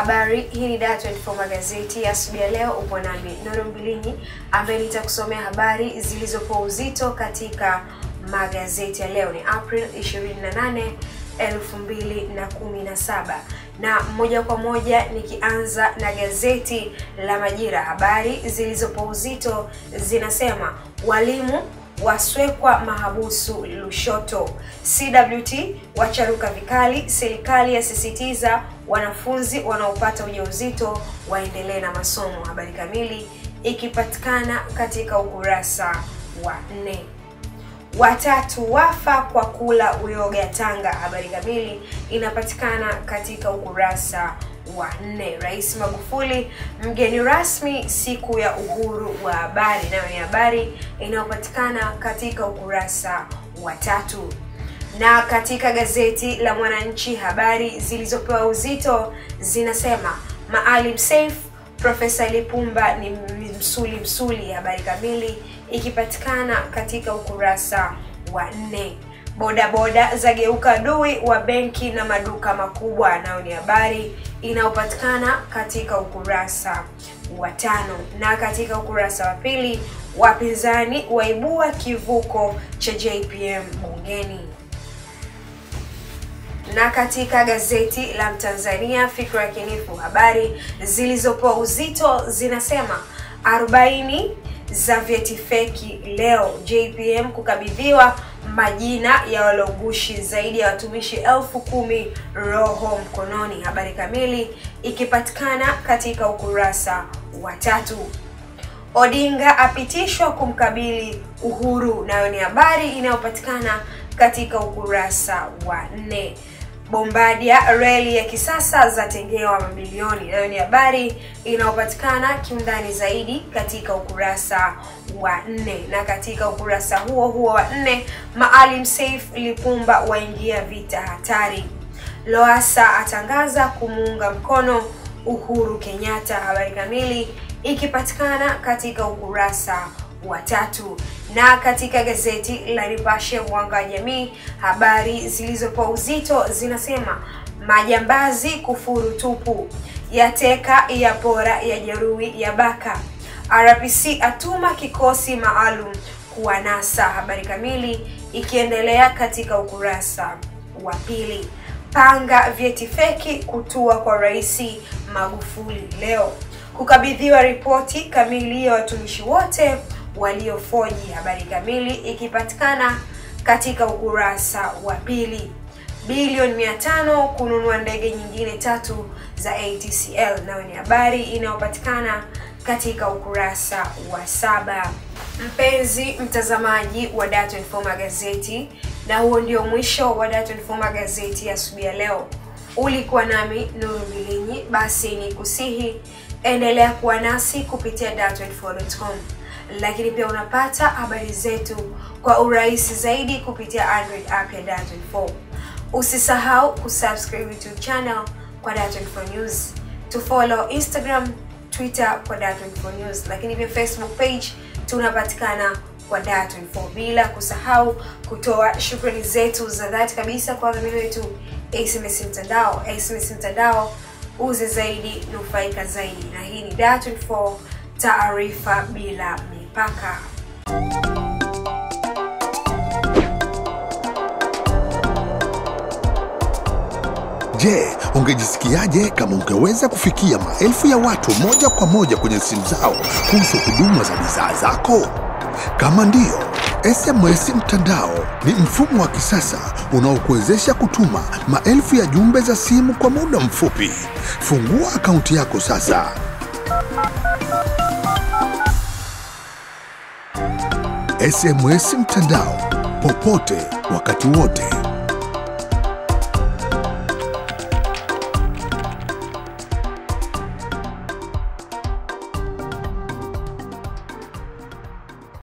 Habari, hii ni Dar24 magazeti ya asubuhi ya leo. Upo nami Noro Mbilinyi ambaye nitakusomea habari zilizopo uzito katika magazeti ya leo. Ni April 28, 2017 na moja kwa moja nikianza na gazeti la Majira, habari zilizopo uzito zinasema walimu waswekwa mahabusu Lushoto. CWT wacharuka vikali, serikali yasisitiza wanafunzi wanaopata ujauzito waendelee na masomo. Habari kamili ikipatikana katika ukurasa wa nne. Watatu wafa kwa kula uyoga Tanga. Habari kamili inapatikana katika ukurasa wa nne rais magufuli mgeni rasmi siku ya uhuru wa habari nayo ni habari inayopatikana katika ukurasa wa tatu na katika gazeti la mwananchi habari zilizopewa uzito zinasema maalim saif profesa lipumba ni msuli msuli habari kamili ikipatikana katika ukurasa wa nne bodaboda zageuka dui wa benki na maduka makubwa nayo ni habari inayopatikana katika ukurasa wa tano. Na katika ukurasa wa pili, wapinzani waibua kivuko cha JPM bungeni. Na katika gazeti la Mtanzania Fikra Yakinifu, habari zilizopewa uzito zinasema 40 za vyeti feki leo, JPM kukabidhiwa majina ya walogushi zaidi ya watumishi elfu kumi roho mkononi. Habari kamili ikipatikana katika ukurasa wa tatu. Odinga apitishwa kumkabili Uhuru, nayo ni habari inayopatikana katika ukurasa wa nne. Bombardier reli ya kisasa zatengewa mabilioni. Hiyo ni habari inayopatikana kiundani zaidi katika ukurasa wa nne, na katika ukurasa huo huo wa nne, Maalim Seif Lipumba waingia vita hatari. Loasa atangaza kumuunga mkono Uhuru Kenyatta. Habari kamili ikipatikana katika ukurasa watatu. Na katika gazeti la Nipashe mwanga wa jamii, habari zilizopewa uzito zinasema majambazi kufuru tupu, yateka ya pora ya jeruhi ya baka, RPC atuma kikosi maalum kuwanasa. Habari kamili ikiendelea katika ukurasa wa pili. Panga vyeti feki kutua kwa Rais Magufuli leo, kukabidhiwa ripoti kamili ya watumishi wote waliofoji. Habari kamili ikipatikana katika ukurasa wa pili. Bilioni mia tano kununua ndege nyingine tatu za ATCL, nayo ni habari inayopatikana katika ukurasa wa saba. Mpenzi mtazamaji wa Dar24 Magazeti, na huo ndio mwisho wa Dar24 Magazeti asubuhi ya leo. Ulikuwa nami Nuru Bilinyi, basi ni kusihi endelea kuwa nasi kupitia dar24.com lakini pia unapata habari zetu kwa urahisi zaidi kupitia Android app ya Dar24. Usisahau kusubscribe YouTube channel kwa Dar24 News, to follow Instagram, Twitter kwa Dar24 News, lakini pia Facebook page tunapatikana kwa Dar24, bila kusahau kutoa shukrani zetu za dhati kabisa kwa wadhamini wetu SMS Mtandao. SMS Mtandao, uze zaidi, nufaika zaidi. Na hii ni Dar24, taarifa bila mi mpaka Je, ungejisikiaje kama ungeweza kufikia maelfu ya watu moja kwa moja kwenye simu zao kuhusu huduma za bidhaa zako? Kama ndiyo, SMS Mtandao ni mfumo wa kisasa unaokuwezesha kutuma maelfu ya jumbe za simu kwa muda mfupi. Fungua akaunti yako sasa. SMS mtandao popote wakati wote.